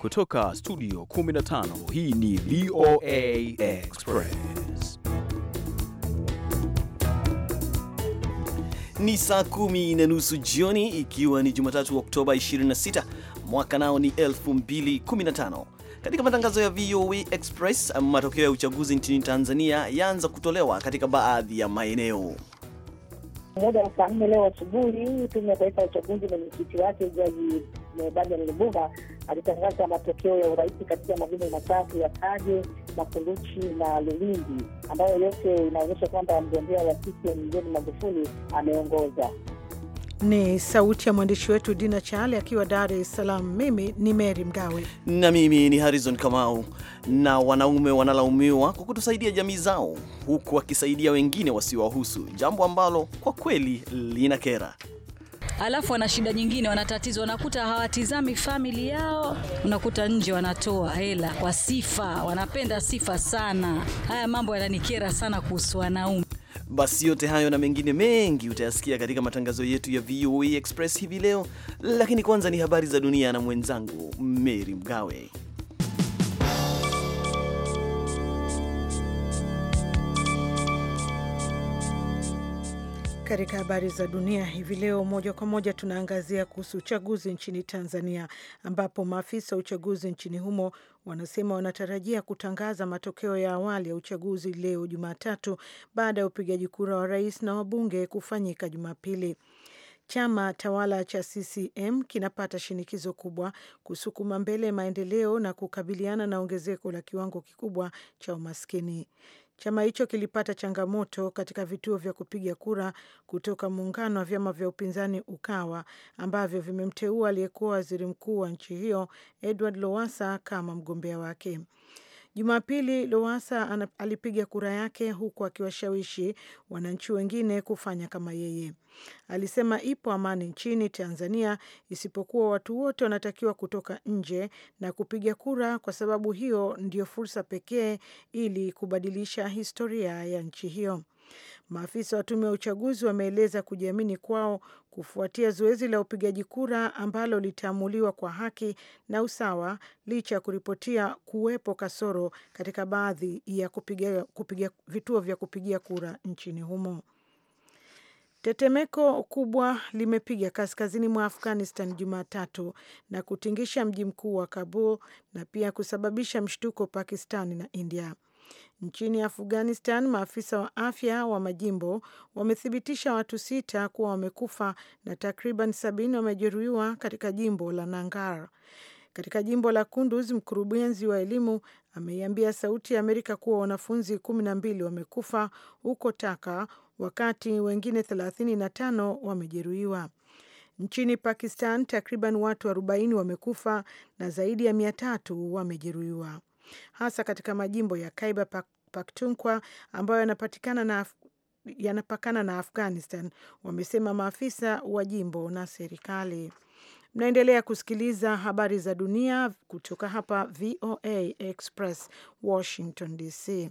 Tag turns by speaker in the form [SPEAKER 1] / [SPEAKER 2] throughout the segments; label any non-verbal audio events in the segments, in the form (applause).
[SPEAKER 1] Kutoka studio 15 hii ni VOA Express. Ni saa kumi na nusu jioni ikiwa ni Jumatatu Oktoba 26 mwaka nao ni 2015. Katika matangazo ya VOA Express, matokeo ya uchaguzi nchini Tanzania yaanza kutolewa katika baadhi ya maeneo.
[SPEAKER 2] moja wa saa nne leo asubuhi, tume ya taifa ya uchaguzi mwenyekiti wake Jaji Adan Lubuga alitangaza matokeo ya urais katika majimbo matatu ya Kaje, Makunduchi na Lulindi, ambayo yote inaonyesha kwamba mgombea wa CCM John Magufuli ameongoza.
[SPEAKER 3] Ni sauti ya mwandishi wetu Dina Chale akiwa Dar es Salaam. Mimi ni Mary Mgawe
[SPEAKER 1] na mimi ni Harrison Kamau. Na wanaume wanalaumiwa kwa kutusaidia jamii zao, huku wakisaidia wengine wasiowahusu, jambo ambalo kwa kweli lina kera
[SPEAKER 4] alafu wana shida nyingine, wana tatizo, wanakuta hawatizami famili yao, unakuta nje wanatoa hela kwa sifa, wanapenda sifa sana. Haya mambo yananikera sana kuhusu wanaume.
[SPEAKER 1] Basi yote hayo na mengine mengi utayasikia katika matangazo yetu ya VOA Express hivi leo, lakini kwanza ni habari za dunia na mwenzangu Mary Mgawe.
[SPEAKER 3] Katika habari za dunia hivi leo, moja kwa moja tunaangazia kuhusu uchaguzi nchini Tanzania, ambapo maafisa wa uchaguzi nchini humo wanasema wanatarajia kutangaza matokeo ya awali ya uchaguzi leo Jumatatu, baada ya upigaji kura wa rais na wabunge kufanyika Jumapili. Chama tawala cha CCM kinapata shinikizo kubwa kusukuma mbele maendeleo na kukabiliana na ongezeko la kiwango kikubwa cha umaskini. Chama hicho kilipata changamoto katika vituo vya kupiga kura kutoka muungano wa vyama vya upinzani Ukawa ambavyo vimemteua aliyekuwa waziri mkuu wa nchi hiyo Edward Lowassa kama mgombea wake. Jumapili, lowasa alipiga kura yake huku akiwashawishi wananchi wengine kufanya kama yeye. Alisema ipo amani nchini Tanzania, isipokuwa watu wote wanatakiwa kutoka nje na kupiga kura, kwa sababu hiyo ndio fursa pekee ili kubadilisha historia ya nchi hiyo. Maafisa wa tume ya uchaguzi wameeleza kujiamini kwao kufuatia zoezi la upigaji kura ambalo litaamuliwa kwa haki na usawa licha ya kuripotia kuwepo kasoro katika baadhi ya kupigia, kupigia, vituo vya kupigia kura nchini humo. Tetemeko kubwa limepiga kaskazini mwa Afghanistan Jumatatu na kutingisha mji mkuu wa Kabul na pia kusababisha mshtuko pakistani na India. Nchini Afghanistan, maafisa wa afya wa majimbo wamethibitisha watu sita kuwa wamekufa na takriban sabini wamejeruhiwa katika jimbo la nangar Katika jimbo la Kunduz, mkurugenzi wa elimu ameiambia Sauti ya Amerika kuwa wanafunzi kumi na mbili wamekufa huko Taka, wakati wengine thelathini na tano wamejeruhiwa. Nchini Pakistan, takriban watu arobaini wamekufa na zaidi ya mia tatu wamejeruhiwa hasa katika majimbo ya Khyber Pakhtunkhwa ambayo yanapatikana na yanapakana na Afghanistan, wamesema maafisa wa jimbo na serikali. Mnaendelea kusikiliza habari za dunia kutoka hapa VOA Express, Washington DC.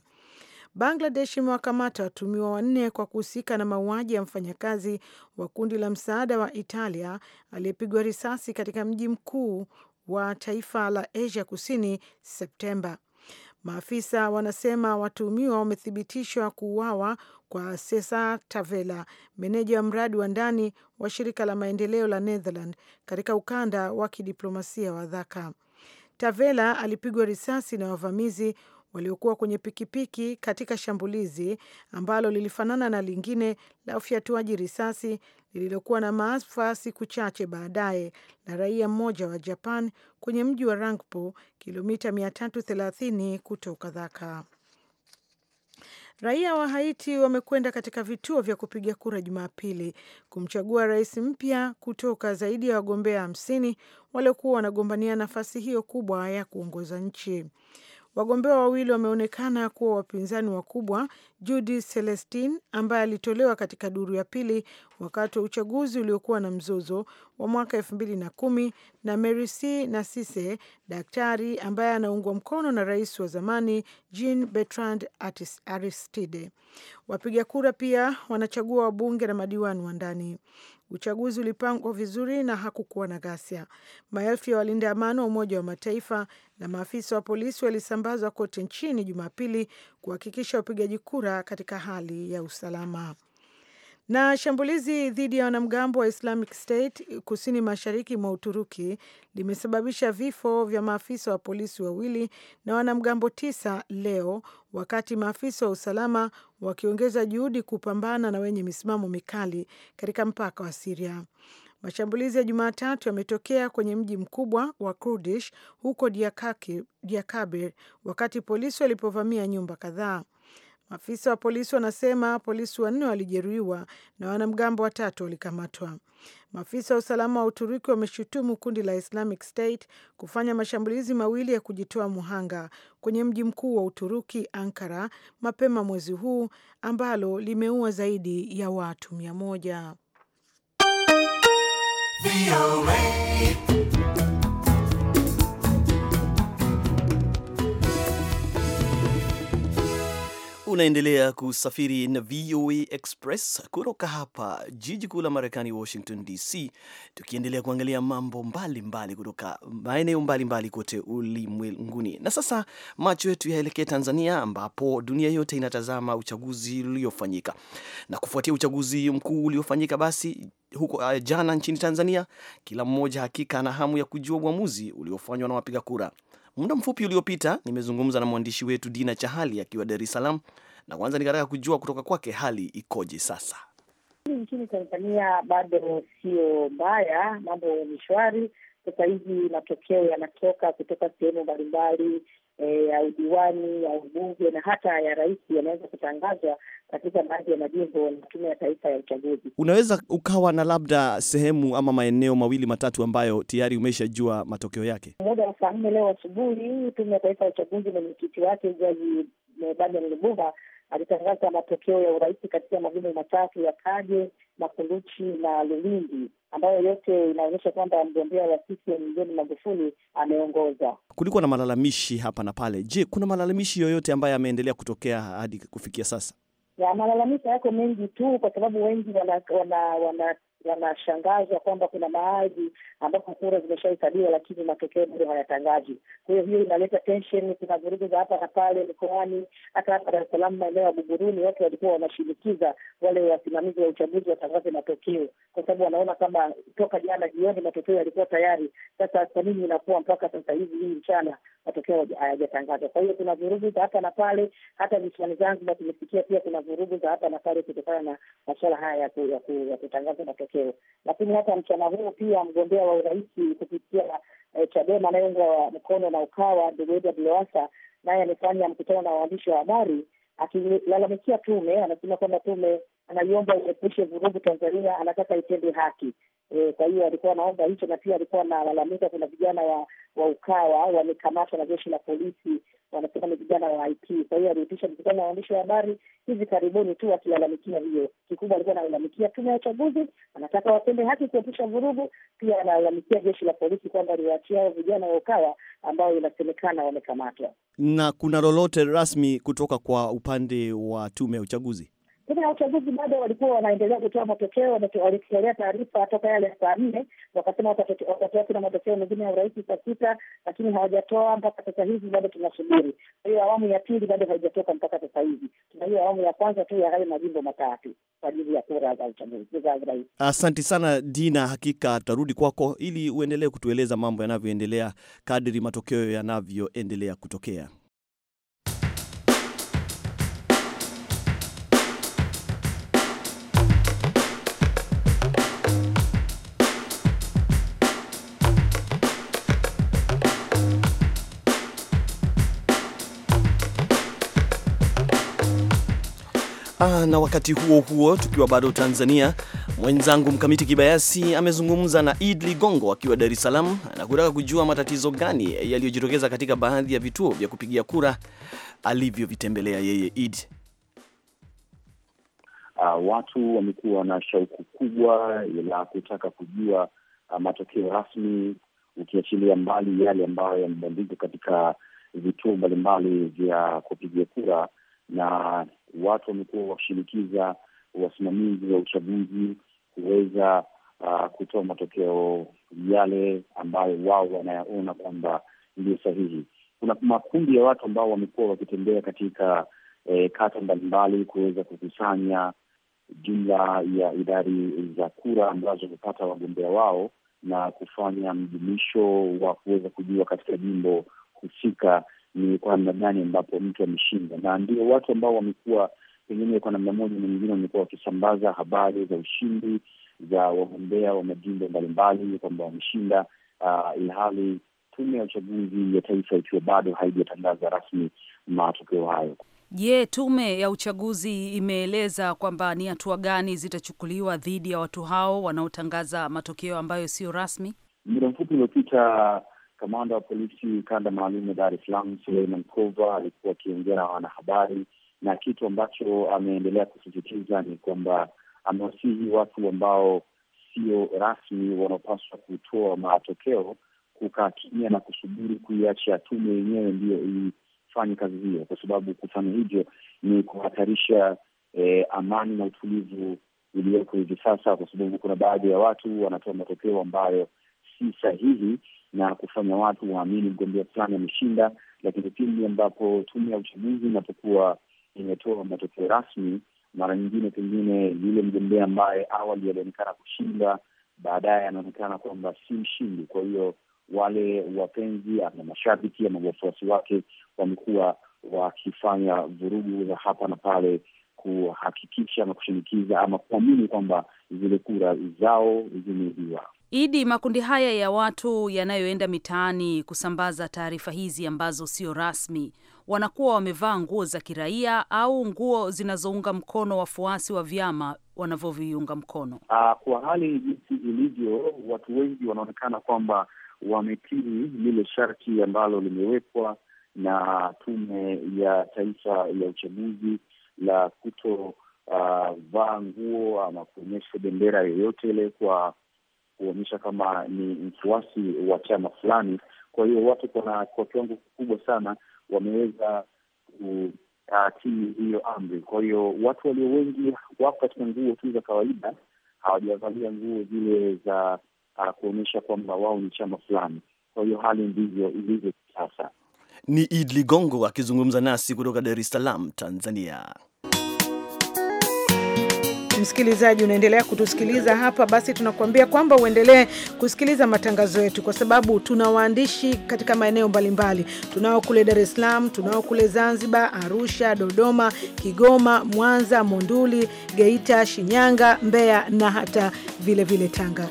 [SPEAKER 3] Bangladesh imewakamata watumiwa wanne kwa kuhusika na mauaji ya mfanyakazi wa kundi la msaada wa Italia aliyepigwa risasi katika mji mkuu wa taifa la Asia Kusini Septemba. Maafisa wanasema watuhumiwa wamethibitishwa kuuawa kwa Cesar tavela meneja wa mradi wa ndani wa shirika la maendeleo la Netherland katika ukanda wa kidiplomasia wa Dhaka. tavela alipigwa risasi na wavamizi waliokuwa kwenye pikipiki katika shambulizi ambalo lilifanana na lingine la ufyatuaji risasi lililokuwa na maafa siku chache baadaye la raia mmoja wa Japan kwenye mji wa Rangpo, kilomita 330 kutoka Dhaka. Raia wa Haiti wamekwenda katika vituo vya kupiga kura Jumapili kumchagua rais mpya kutoka zaidi ya wagombea hamsini waliokuwa wanagombania nafasi hiyo kubwa ya kuongoza nchi. Wagombea wawili wameonekana kuwa wapinzani wakubwa, Judith Celestine ambaye alitolewa katika duru ya pili wakati wa uchaguzi uliokuwa na mzozo wa mwaka elfu mbili na kumi na Mary C Nasise, daktari ambaye anaungwa mkono na rais wa zamani Jean Bertrand Aristide. Wapiga kura pia wanachagua wabunge na madiwani wa ndani. Uchaguzi ulipangwa vizuri na hakukuwa na ghasia. Maelfu ya walinda amani wa Umoja wa Mataifa na maafisa wa polisi walisambazwa kote nchini Jumapili kuhakikisha upigaji kura katika hali ya usalama. Na shambulizi dhidi ya wanamgambo wa Islamic State kusini mashariki mwa Uturuki limesababisha vifo vya maafisa wa polisi wawili na wanamgambo tisa leo, wakati maafisa wa usalama wakiongeza juhudi kupambana na wenye misimamo mikali katika mpaka wa Siria. Mashambulizi ya Jumatatu yametokea kwenye mji mkubwa wa Kurdish huko Diakabir, wakati polisi walipovamia nyumba kadhaa. Maafisa wa polisi wanasema polisi wanne walijeruhiwa na wanamgambo watatu walikamatwa. Maafisa wa usalama wa Uturuki wameshutumu kundi la Islamic State kufanya mashambulizi mawili ya kujitoa muhanga kwenye mji mkuu wa Uturuki, Ankara, mapema mwezi huu ambalo limeua zaidi ya watu mia moja.
[SPEAKER 1] Unaendelea kusafiri na VOA Express kutoka hapa jiji kuu la Marekani, Washington DC, tukiendelea kuangalia mambo mbalimbali mbali kutoka maeneo mbalimbali kote ulimwenguni. Na sasa macho yetu yaelekee Tanzania, ambapo dunia yote inatazama uchaguzi uliofanyika. Na kufuatia uchaguzi mkuu uliofanyika basi huko uh, jana nchini Tanzania, kila mmoja hakika ana hamu ya kujua uamuzi uliofanywa na wapiga kura. Muda mfupi uliopita nimezungumza na mwandishi wetu Dina Chahali akiwa Dar es Salaam na kwanza nikataka kujua kutoka kwake hali ikoje sasa.
[SPEAKER 2] Nchini Tanzania bado sio mbaya, mambo ni shwari. Sasa hivi matokeo yanatoka kutoka sehemu mbalimbali e, ya udiwani ya ubunge na hata ya rais yanaweza kutangazwa katika baadhi ya majimbo na Tume ya Taifa ya Uchaguzi.
[SPEAKER 1] Unaweza ukawa na labda sehemu ama maeneo mawili matatu ambayo tayari umeshajua matokeo yake.
[SPEAKER 2] Muda wa saa nne leo asubuhi, Tume ya Taifa ya Uchaguzi, mwenyekiti wake Jaji Benjamin eh, Lubuva alitangaza matokeo ya urais katika majimbo matatu ya Kaje, Makunduchi na Lulindi ambayo yote inaonyesha kwamba mgombea wa CCM John Magufuli ameongoza.
[SPEAKER 1] Kulikuwa na malalamishi hapa na pale. Je, kuna malalamishi yoyote ambayo yameendelea kutokea hadi kufikia sasa?
[SPEAKER 2] Ya, malalamiko yako mengi tu, kwa sababu wengi wana, wana, wana yanashangazwa kwamba kuna baadhi ambapo kura zimeshahesabiwa lakini matokeo bado hayatangazwi. Kwa hiyo hiyo inaleta tension, kuna vurugu za hapa na pale mikoani. Hata hapa Dar es Salaam, maeneo ya Buguruni, watu walikuwa wanashinikiza wale wasimamizi wa uchaguzi watangaze matokeo, kwa sababu wanaona kama toka jana jioni matokeo yalikuwa tayari. Sasa kwa nini inakuwa mpaka sasa hivi hii mchana matokeo hayajatangazwa? Kwa hiyo kuna vurugu za hapa na pale. Hata visiwani Zanzibar tumesikia pia kuna vurugu za hapa na pale kutokana na masuala haya ya kutangaza matokeo matokeo. Lakini hata mchana huu pia mgombea wa urais kupitia eh, Chadema anayeungwa mkono na Ukawa, ndugu Edward Lowassa naye amefanya mkutano na waandishi wa habari akilalamikia tume. Anasema kwamba tume anaiomba iepushe vurugu Tanzania, anataka itende haki. E, kwa hiyo alikuwa anaomba hicho, na pia alikuwa analalamika kuna vijana wa, wa Ukawa wamekamatwa na jeshi la polisi, wanasema ni vijana wa IP. Kwa hiyo aliitisha mkutano waandishi wa habari hivi karibuni tu, akilalamikia hiyo. Kikubwa alikuwa analalamikia tume ya uchaguzi, anataka watende haki kuepusha vurugu. Pia analalamikia jeshi la polisi kwamba liwaachia hao vijana wa Ukawa ambao inasemekana wamekamatwa.
[SPEAKER 1] Na kuna lolote rasmi kutoka kwa upande wa tume ya uchaguzi?
[SPEAKER 2] Tume ya uchaguzi bado walikuwa wanaendelea kutoa matokeo, walitolea taarifa toka yale saa nne, wakasema watatoa kuna matokeo mengine ya urais saa sita, lakini hawajatoa mpaka sasa hivi, bado tunasubiri. Kwa hiyo awamu ya pili bado haijatoka mpaka sasa hivi, tuna hiyo awamu ya kwanza tu ya hayo majimbo matatu kwa ajili ya kura za uchaguzi za urais.
[SPEAKER 1] Asante sana Dina, hakika tutarudi kwako ili uendelee kutueleza mambo yanavyoendelea kadri matokeo yanavyoendelea kutokea. Ah, na wakati huo huo tukiwa bado Tanzania, mwenzangu Mkamiti Kibayasi amezungumza na Id Ligongo akiwa Dar es Salaam na kutaka kujua matatizo gani yaliyojitokeza katika baadhi ya vituo vya kupigia kura alivyovitembelea yeye Id.
[SPEAKER 5] Uh, watu wamekuwa na shauku kubwa la kutaka kujua uh, matokeo rasmi, ukiachilia mbali yale ambayo yamebandikwa katika vituo mbalimbali vya kupigia kura na watu wamekuwa wakishinikiza wasimamizi wa uchaguzi kuweza uh, kutoa matokeo yale ambayo wao wanayaona kwamba ndio sahihi. Kuna makundi ya watu ambao wamekuwa wakitembea katika eh, kata mbalimbali kuweza kukusanya jumla ya idadi za kura ambazo wamepata wagombea wao na kufanya mjumisho wa kuweza kujua katika jimbo husika ni kwa namna gani ambapo mtu ameshinda, na ndio watu ambao wamekuwa pengine kwa namna moja na nyingine wamekuwa wakisambaza habari za ushindi za wagombea wa majimbo mbalimbali kwamba wameshinda, uh, ilhali tume ya uchaguzi ya taifa ikiwa bado haijatangaza rasmi matokeo hayo.
[SPEAKER 4] Je, tume ya uchaguzi imeeleza kwamba ni hatua gani zitachukuliwa dhidi ya watu hao wanaotangaza matokeo ambayo sio rasmi?
[SPEAKER 5] Muda mfupi uliopita Kamanda wa polisi kanda maalum Dar es Salaam Suleiman Kova alikuwa akiongea na wanahabari, na kitu ambacho ameendelea kusisitiza ni kwamba amewasihi watu ambao sio rasmi wanaopaswa kutoa matokeo kukaa kimya na kusubiri kuiacha tume yenyewe ndiyo ifanye kazi hiyo, kwa sababu kufanya hivyo ni kuhatarisha eh, amani na utulivu iliyoko hivi sasa, kwa sababu kuna baadhi ya watu wanatoa matokeo ambayo si sahihi na kufanya watu waamini mgombea fulani ameshinda, lakini pindi ambapo tume ya uchaguzi inapokuwa imetoa matokeo rasmi, mara nyingine pengine yule mgombea ambaye awali alionekana kushinda, baadaye anaonekana kwamba si mshindi. Kwa hiyo wale wapenzi ama mashabiki ama wafuasi wake wamekuwa wakifanya vurugu za hapa na pale kuhakikisha ama kushinikiza ama kuamini kwamba zile kura zao zimeibiwa.
[SPEAKER 4] Idi, makundi haya ya watu yanayoenda mitaani kusambaza taarifa hizi ambazo sio rasmi wanakuwa wamevaa nguo za kiraia au nguo zinazounga mkono wafuasi wa vyama wanavyoviunga mkono.
[SPEAKER 5] Uh, kwa hali jinsi ilivyo, watu wengi wanaonekana kwamba wametiri lile sharti ambalo limewekwa na Tume ya Taifa ya Uchaguzi la kutovaa ah, uh, nguo ama kuonyesha bendera yoyote ile kwa kuonyesha kama ni mfuasi wa chama fulani. Kwa hiyo watu kuna kwa kiwango kikubwa sana wameweza kutii hiyo amri. Kwa hiyo watu walio wengi wako katika nguo tu za kawaida, hawajavalia nguo zile za uh, kuonyesha kwamba
[SPEAKER 1] wao ni chama fulani. Kwa hiyo hali ndivyo ilivyo sasa. Ni Id Ligongo akizungumza nasi kutoka Dar es Salaam, Tanzania
[SPEAKER 3] msikilizaji unaendelea kutusikiliza hapa, basi tunakuambia kwamba uendelee kusikiliza matangazo yetu, kwa sababu tuna waandishi katika maeneo mbalimbali. Tunao kule Dar es Salaam, tunao kule Zanzibar, Arusha, Dodoma, Kigoma, Mwanza, Monduli, Geita, Shinyanga, Mbeya na hata vilevile vile Tanga.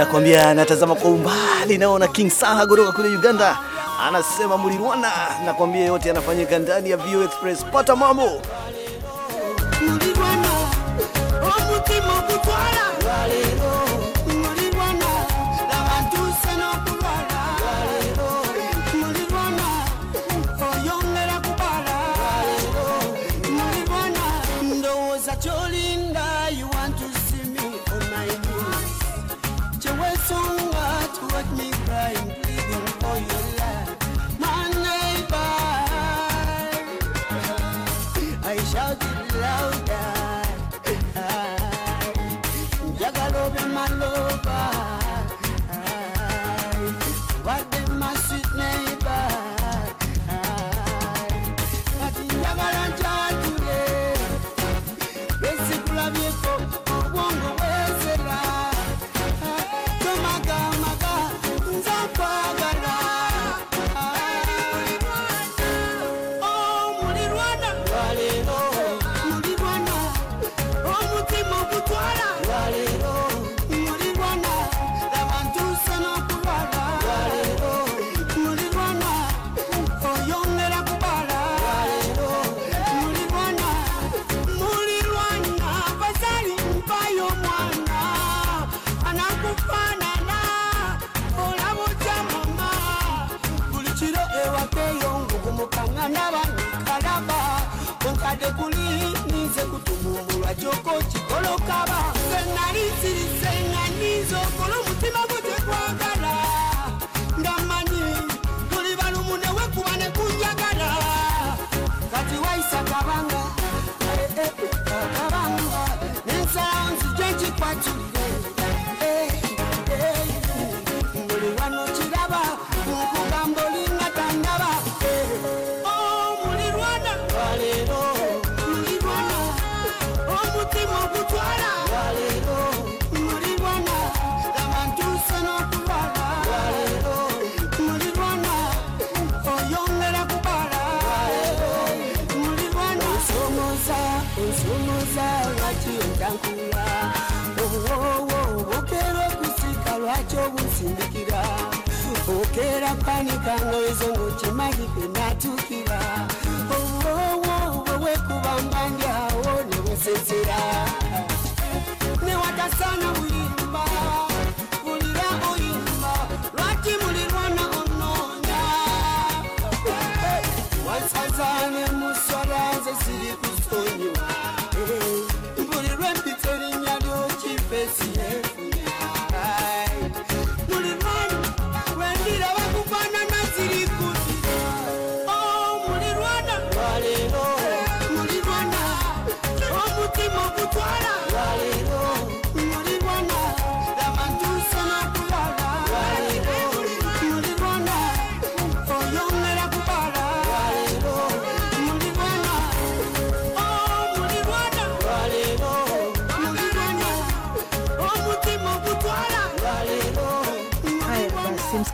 [SPEAKER 1] nakwambia, natazama kwa umbali, naona King Saha kutoka kule Uganda anasema na Nakwambia yote yanafanyika ndani ya Vio Express, pata mambo mulirwana.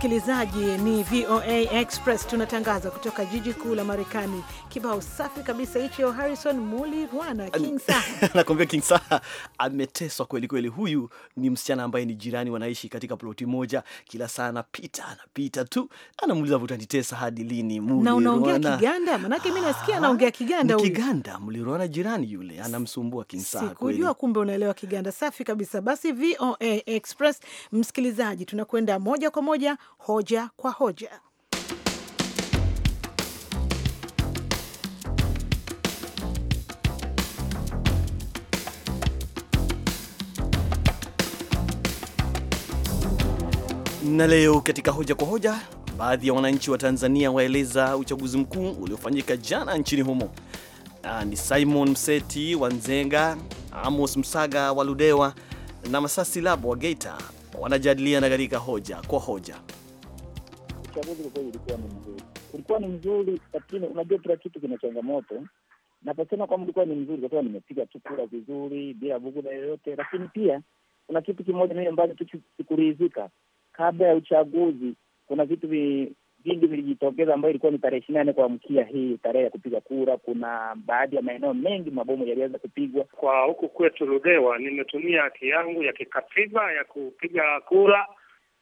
[SPEAKER 3] msikilizaji, ni VOA Express, tunatangaza kutoka jiji kuu la Marekani. Kibao safi kabisa hicho, Harrison Muli Rwana King (laughs)
[SPEAKER 1] Saha nakwambia King Saha ameteswa kweli kweli. Huyu ni msichana ambaye ni jirani, wanaishi katika ploti moja, kila saa anapita anapita tu, anamuuliza vutanitesa hadi lini? Muli na unaongea Kiganda?
[SPEAKER 3] Manake mi nasikia ah, anaongea Kiganda huyu. Kiganda
[SPEAKER 1] Muli Rwana jirani yule anamsumbua King Saha. Sikujua
[SPEAKER 3] kumbe unaelewa Kiganda. Safi kabisa. Basi VOA Express msikilizaji, tunakwenda moja kwa moja hoja kwa hoja.
[SPEAKER 1] Na leo katika hoja kwa hoja, baadhi ya wananchi wa Tanzania waeleza uchaguzi mkuu uliofanyika jana nchini humo. Aa, ah, ni Simon Mseti wa Nzenga, Amos Msaga wa Ludewa na Masasi Labo wa Geita wanajadiliana katika hoja kwa hoja
[SPEAKER 5] uchaguzi kwa kweli ulikuwa ni mzuri, ulikuwa ni mzuri, lakini unajua kila kitu kina changamoto. Naposema kwamba ulikuwa ni mzuri, kwa sababu nimepiga tu kura vizuri bila buguda yoyote, lakini pia kuna kitu kimoja mimi ambacho tu sikuridhika. Kabla ya uchaguzi, kuna vitu vingi vilijitokeza, ambayo ilikuwa ni tarehe ishirini na nane kuamkia hii tarehe ya kupiga kura.
[SPEAKER 6] Kuna baadhi ya maeneo mengi mabomu yaliweza kupigwa. Kwa huku kwetu Ludewa, nimetumia haki yangu ya kikatiba ya kupiga kura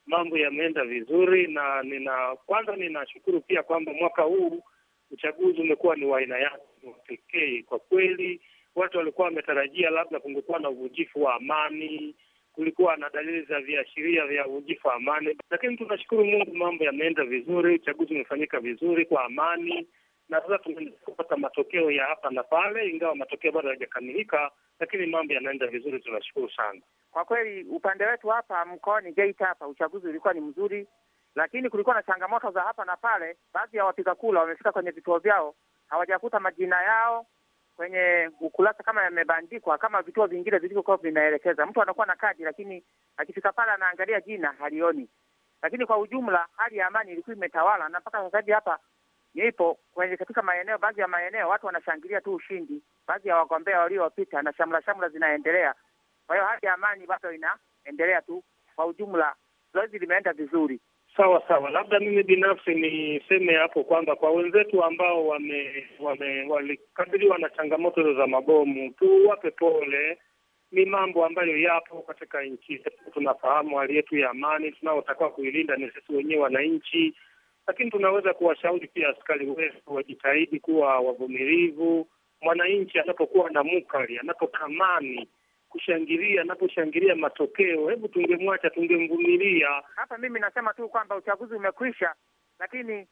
[SPEAKER 6] mambo yameenda vizuri, na nina kwanza ninashukuru pia kwamba mwaka huu uchaguzi umekuwa ni wa aina yake pekee. Kwa kweli, watu walikuwa wametarajia labda kungekuwa na uvujifu wa amani, kulikuwa na dalili za viashiria vya uvujifu wa amani, lakini tunashukuru Mungu, mambo yameenda vizuri, uchaguzi umefanyika vizuri kwa amani, na sasa tumeendelea kupata matokeo ya hapa na pale, ingawa matokeo bado hayajakamilika, lakini mambo yanaenda vizuri, tunashukuru sana.
[SPEAKER 7] Kwa kweli upande wetu hapa mkoani Geita hapa uchaguzi ulikuwa ni mzuri, lakini kulikuwa na changamoto za hapa na pale. Baadhi ya wapiga kura wamefika kwenye vituo vyao hawajakuta majina yao kwenye ukurasa kama yamebandikwa kama vituo vingine vilivyokuwa vinaelekeza. Mtu anakuwa na kadi, lakini akifika pale anaangalia jina halioni. Lakini kwa ujumla hali ya amani ilikuwa imetawala, na mpaka sasa hivi hapa nipo kwenye katika maeneo, baadhi ya maeneo watu wanashangilia tu ushindi, baadhi ya wagombea waliopita na shamra shamra zinaendelea. Kwa hiyo hali ya amani bado inaendelea
[SPEAKER 6] tu, kwa ujumla zoezi limeenda vizuri. Sawa sawa, labda mimi binafsi niseme hapo kwamba kwa wenzetu ambao wame, wame, walikabiliwa na changamoto hizo za mabomu, tuwape pole. Ni mambo ambayo yapo katika nchi yetu. Tunafahamu hali yetu ya amani, tunaotakiwa kuilinda ni sisi wenyewe wananchi, lakini tunaweza kuwashauri pia askari wetu wajitahidi kuwa wavumilivu. Mwananchi anapokuwa na mukali, anapotamani kushangilia anaposhangilia matokeo. Hebu tungemwacha, tungemvumilia.
[SPEAKER 7] Hapa mimi nasema tu kwamba uchaguzi
[SPEAKER 6] umekwisha,
[SPEAKER 7] lakini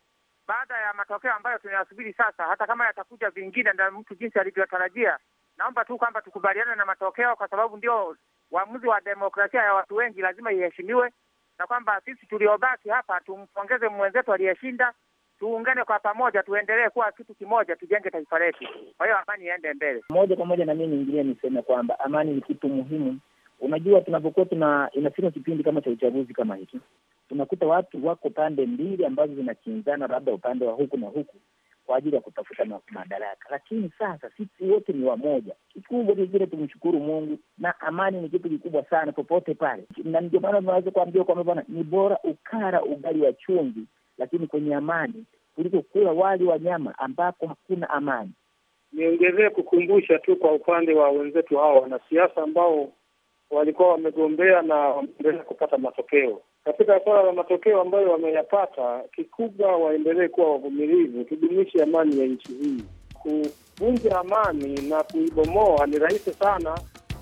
[SPEAKER 7] baada ya matokeo ambayo tunayasubiri sasa, hata kama yatakuja vingine na mtu jinsi alivyotarajia, naomba tu kwamba tukubaliane na matokeo, kwa sababu ndio uamuzi wa demokrasia ya watu wengi, lazima iheshimiwe, na kwamba sisi tuliobaki hapa tumpongeze mwenzetu aliyeshinda, tuungane kwa pamoja, tuendelee kuwa kitu kimoja, tujenge taifa letu. Kwa hiyo amani iende mbele
[SPEAKER 5] moja kwa moja. Na mimi niingilie niseme kwamba amani ni kitu muhimu. Unajua, tunapokuwa tuna inafika kipindi kama cha uchaguzi kama hiki, tunakuta watu wako pande mbili ambazo zinakinzana, labda upande wa huku na huku kwa ajili ya kutafuta madaraka, lakini sasa sisi wote ni wamoja. Kikubwa ni kile tumshukuru Mungu, na amani ni kitu kikubwa sana popote pale, na ndio maana tunaweza kuambia kwamba bwana, ni bora ukara ugali wa chumvi lakini kwenye amani kuliko kula wali wa nyama ambapo hakuna amani.
[SPEAKER 6] Niongezee kukumbusha tu kwa upande wa wenzetu hawa wanasiasa ambao walikuwa wamegombea na wameendelea kupata matokeo. Katika suala la matokeo ambayo wameyapata, kikubwa waendelee kuwa wavumilivu, tudumishe amani ya nchi hii. Kuvunja amani na kuibomoa ni rahisi sana,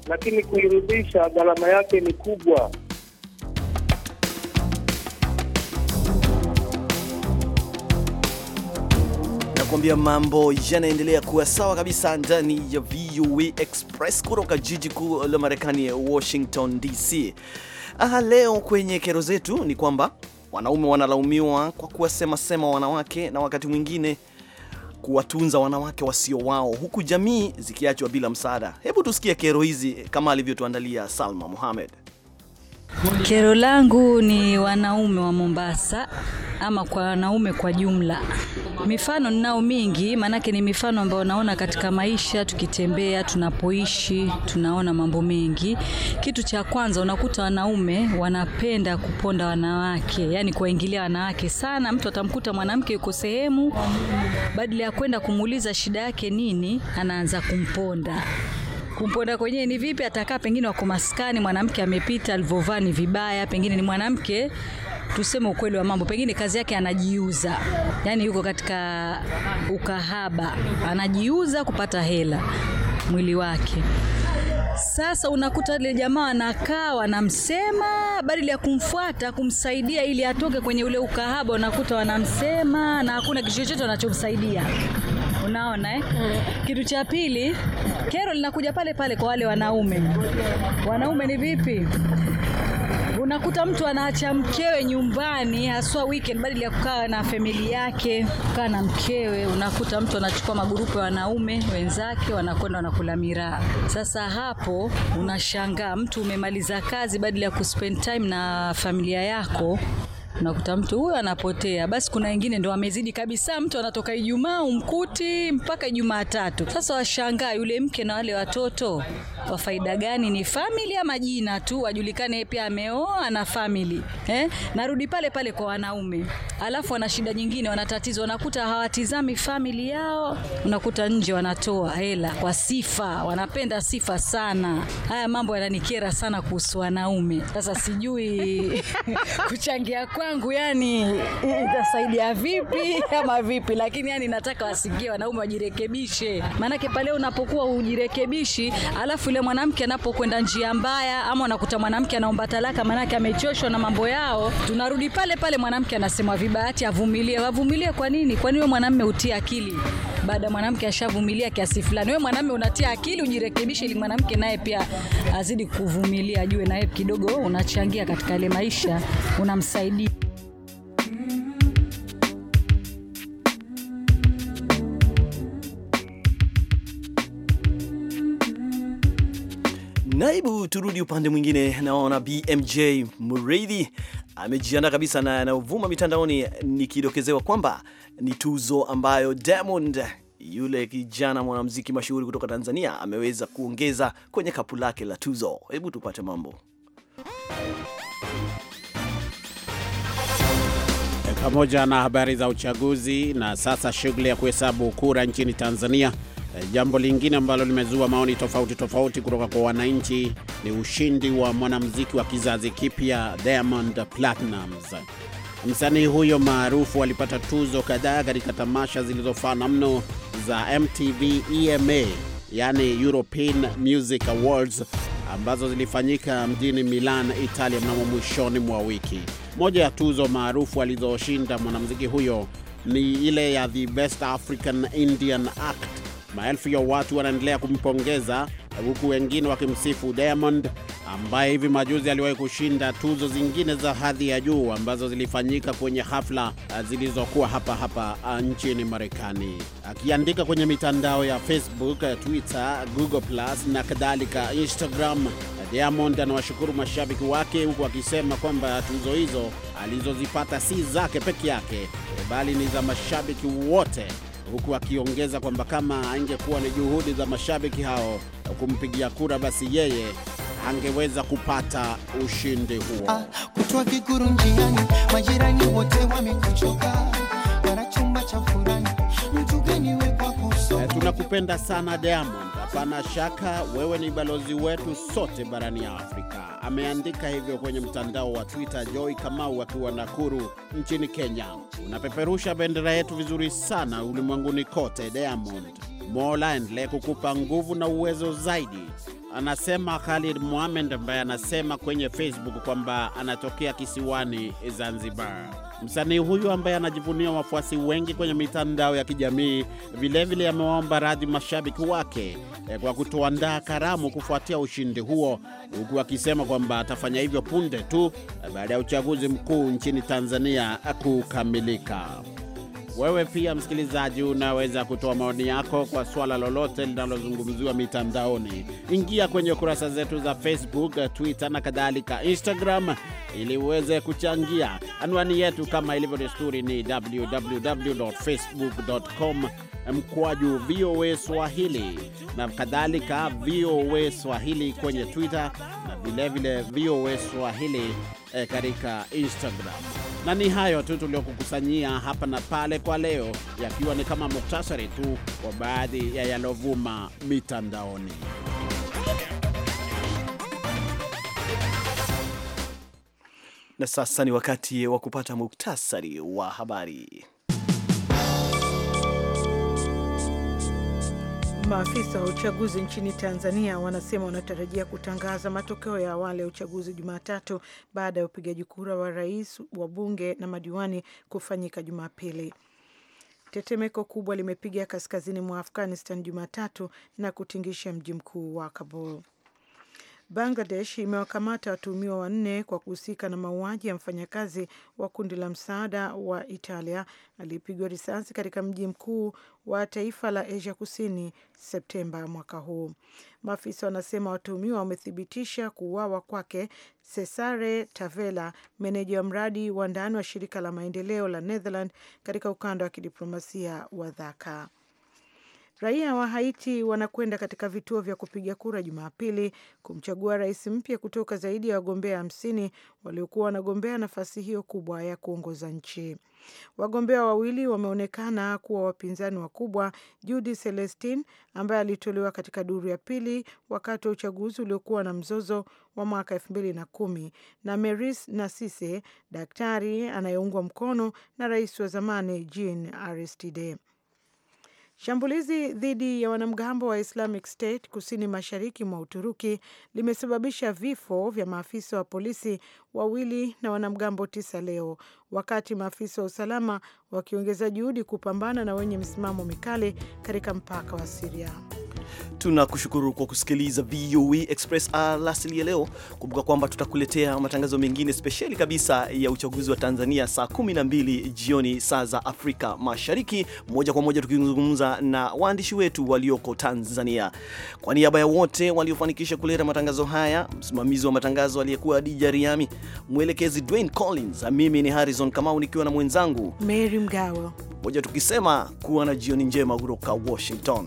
[SPEAKER 6] lakini kuirudisha
[SPEAKER 1] gharama yake ni kubwa. nakwambia mambo yanaendelea kuwa sawa kabisa ndani ya VOA Express kutoka jiji kuu la Marekani, Washington DC. Aha, leo kwenye kero zetu ni kwamba wanaume wanalaumiwa kwa kuwasemasema wanawake na wakati mwingine kuwatunza wanawake wasio wao, huku jamii zikiachwa bila msaada. Hebu tusikie kero hizi kama alivyotuandalia Salma Mohamed.
[SPEAKER 4] Kero langu ni wanaume wa Mombasa ama kwa wanaume kwa jumla. Mifano ninao mingi, maanake ni mifano ambayo naona katika maisha, tukitembea, tunapoishi, tunaona mambo mengi. Kitu cha kwanza unakuta wanaume wanapenda kuponda wanawake, yani kuwaingilia wanawake sana. Mtu atamkuta mwanamke yuko sehemu, badala ya kwenda kumuuliza shida yake nini, anaanza kumponda kumponda kwenyewe ni vipi? Atakaa pengine wako maskani, mwanamke amepita, alivovaa ni vibaya, pengine ni mwanamke tuseme ukweli wa mambo, pengine kazi yake anajiuza, yani yuko katika ukahaba, anajiuza kupata hela, mwili wake. Sasa unakuta ile jamaa anakaa wanamsema, badala ya kumfuata kumsaidia ili atoke kwenye ule ukahaba, unakuta wanamsema na hakuna kitu chochote wanachomsaidia unaona eh? Mm. Kitu cha pili, kero linakuja pale pale kwa wale wanaume. Wanaume ni vipi? Unakuta mtu anaacha mkewe nyumbani haswa weekend, badala ya kukaa na famili yake, kukaa na mkewe, unakuta mtu anachukua magurupu ya wanaume wenzake, wanakwenda wanakula miraa. Sasa hapo unashangaa, mtu umemaliza kazi, badili ya kuspend time na familia yako, unakuta mtu huyo anapotea. Basi kuna wengine ndo amezidi kabisa, mtu anatoka Ijumaa umkuti mpaka tatu Sasa washangaa yule mke na wale watoto kwa faida gani? Ni family ama jina tu, wajulikane pia ameoa na family eh? Narudi pale pale kwa wanaume, alafu wana shida nyingine, wana tatizo, wanakuta hawatizami family yao, unakuta nje wanatoa hela kwa sifa, wanapenda sifa sana. Haya mambo yananikera sana kuhusu wanaume. Sasa sijui (laughs) kuchangia kwangu yani itasaidia vipi ama vipi, lakini yani nataka wasikie wanaume wajirekebishe, maanake pale unapokuwa ujirekebishi alafu yule mwanamke anapokwenda njia mbaya ama anakuta mwanamke anaomba talaka, maanake amechoshwa na mambo yao, tunarudi pale pale, mwanamke anasema vibahati avumilie. Avumilie kwa nini? Kwani wewe mwanamume utia akili baada ya mwanamke ashavumilia kiasi fulani, wewe mwanamme unatia akili ujirekebishe, ili mwanamke naye pia azidi kuvumilia, ajue naye kidogo unachangia katika ile maisha, unamsaidia.
[SPEAKER 1] na hebu turudi upande mwingine, naona BMJ Mureithi amejiandaa kabisa na anayovuma mitandaoni, nikidokezewa kwamba ni tuzo ambayo Diamond yule kijana mwanamuziki mashuhuri kutoka Tanzania ameweza kuongeza kwenye kapu lake la tuzo. Hebu tupate mambo.
[SPEAKER 8] Pamoja na habari za uchaguzi na sasa shughuli ya kuhesabu kura nchini Tanzania Eh, jambo lingine ambalo limezua maoni tofauti tofauti kutoka kwa wananchi ni ushindi wa mwanamuziki wa kizazi kipya Diamond Platnumz. Msanii huyo maarufu alipata tuzo kadhaa katika tamasha zilizofana mno za MTV EMA, yani European Music Awards ambazo zilifanyika mjini Milan, Italia mnamo mwishoni mwa wiki. Moja ya tuzo maarufu alizoshinda mwanamuziki huyo ni ile ya the Best African Indian Act Maelfu ya watu wanaendelea kumpongeza huku wengine wakimsifu Diamond ambaye hivi majuzi aliwahi kushinda tuzo zingine za hadhi ya juu ambazo zilifanyika kwenye hafla ah, zilizokuwa hapa hapa ah, nchini Marekani. Akiandika kwenye mitandao ya Facebook, eh, Twitter, Google Plus na kadhalika, Instagram, eh, Diamond anawashukuru mashabiki wake huku akisema kwamba tuzo hizo alizozipata si zake peke yake, eh, bali ni za mashabiki wote huku akiongeza kwamba kama angekuwa ni juhudi za mashabiki hao kumpigia kura, basi yeye angeweza kupata ushindi huo. Ah,
[SPEAKER 9] kutwa njiani, majirani wote
[SPEAKER 8] chumba cha furani, mtu gani eh, Tunakupenda sana Diamond. Hapana shaka wewe ni balozi wetu sote barani ya Afrika. Ameandika hivyo kwenye mtandao wa Twitter Joy Kamau akiwa Nakuru nchini Kenya. Unapeperusha bendera yetu vizuri sana ulimwenguni kote, Diamond. Mola, endelee kukupa nguvu na uwezo zaidi anasema Khalid Mohamed ambaye anasema kwenye Facebook kwamba anatokea kisiwani Zanzibar. Msanii huyu ambaye anajivunia wafuasi wengi kwenye mitandao ya kijamii vilevile amewaomba radhi mashabiki wake eh, kwa kutoandaa karamu kufuatia ushindi huo, huku akisema kwamba atafanya hivyo punde tu baada ya uchaguzi mkuu nchini Tanzania kukamilika. Wewe pia msikilizaji, unaweza kutoa maoni yako kwa swala lolote linalozungumziwa mitandaoni. Ingia kwenye kurasa zetu za Facebook, Twitter na kadhalika, Instagram, ili uweze kuchangia. Anwani yetu kama ilivyo desturi ni www facebookcom mkwaju VOA Swahili na kadhalika, VOA Swahili kwenye Twitter na vilevile VOA Swahili eh, katika Instagram. Na ni hayo tu tuliokukusanyia hapa na pale kwa leo, yakiwa ni kama muktasari tu kwa baadhi ya yalovuma mitandaoni.
[SPEAKER 1] Na sasa ni wakati wa kupata muktasari wa habari.
[SPEAKER 3] Maafisa wa uchaguzi nchini Tanzania wanasema wanatarajia kutangaza matokeo ya awali ya uchaguzi Jumatatu baada ya upigaji kura wa rais, wa bunge na madiwani kufanyika Jumapili. Tetemeko kubwa limepiga kaskazini mwa Afghanistan Jumatatu na kutingisha mji mkuu wa Kabul. Bangladesh imewakamata watuhumiwa wanne kwa kuhusika na mauaji ya mfanyakazi wa kundi la msaada wa Italia aliyepigwa risasi katika mji mkuu wa taifa la Asia Kusini Septemba mwaka huu. Maafisa wanasema watuhumiwa wamethibitisha kuuawa kwake Cesare tavela meneja wa mradi wa ndani wa shirika la maendeleo la Netherland katika ukanda wa kidiplomasia wa Dhaka. Raia wa Haiti wanakwenda katika vituo vya kupiga kura Jumapili kumchagua rais mpya kutoka zaidi ya wagombea hamsini waliokuwa wanagombea nafasi hiyo kubwa ya kuongoza nchi. Wagombea wawili wameonekana kuwa wapinzani wakubwa, judi Celestin ambaye alitolewa katika duru ya pili wakati wa uchaguzi uliokuwa na mzozo wa mwaka elfu mbili na kumi na Meris Nasise, daktari anayeungwa mkono na rais wa zamani Jean Aristide. Shambulizi dhidi ya wanamgambo wa Islamic State kusini mashariki mwa Uturuki limesababisha vifo vya maafisa wa polisi wawili na wanamgambo tisa leo, wakati maafisa wa usalama wakiongeza juhudi kupambana na wenye msimamo mikali katika mpaka wa Siria.
[SPEAKER 1] Tunakushukuru kwa kusikiliza VOA e Express alasili ya leo. Kumbuka kwamba tutakuletea matangazo mengine spesheli kabisa ya uchaguzi wa Tanzania saa 12 jioni saa za Afrika Mashariki, moja kwa moja tukizungumza na waandishi wetu walioko Tanzania. Kwa niaba ya wote waliofanikisha kuleta matangazo haya, msimamizi wa matangazo aliyekuwa Adija Riami, mwelekezi Dwayne Collins, mimi ni Harrison Kamau nikiwa na mwenzangu
[SPEAKER 3] Mary Mgawo,
[SPEAKER 1] moja tukisema kuwa na jioni njema kutoka Washington.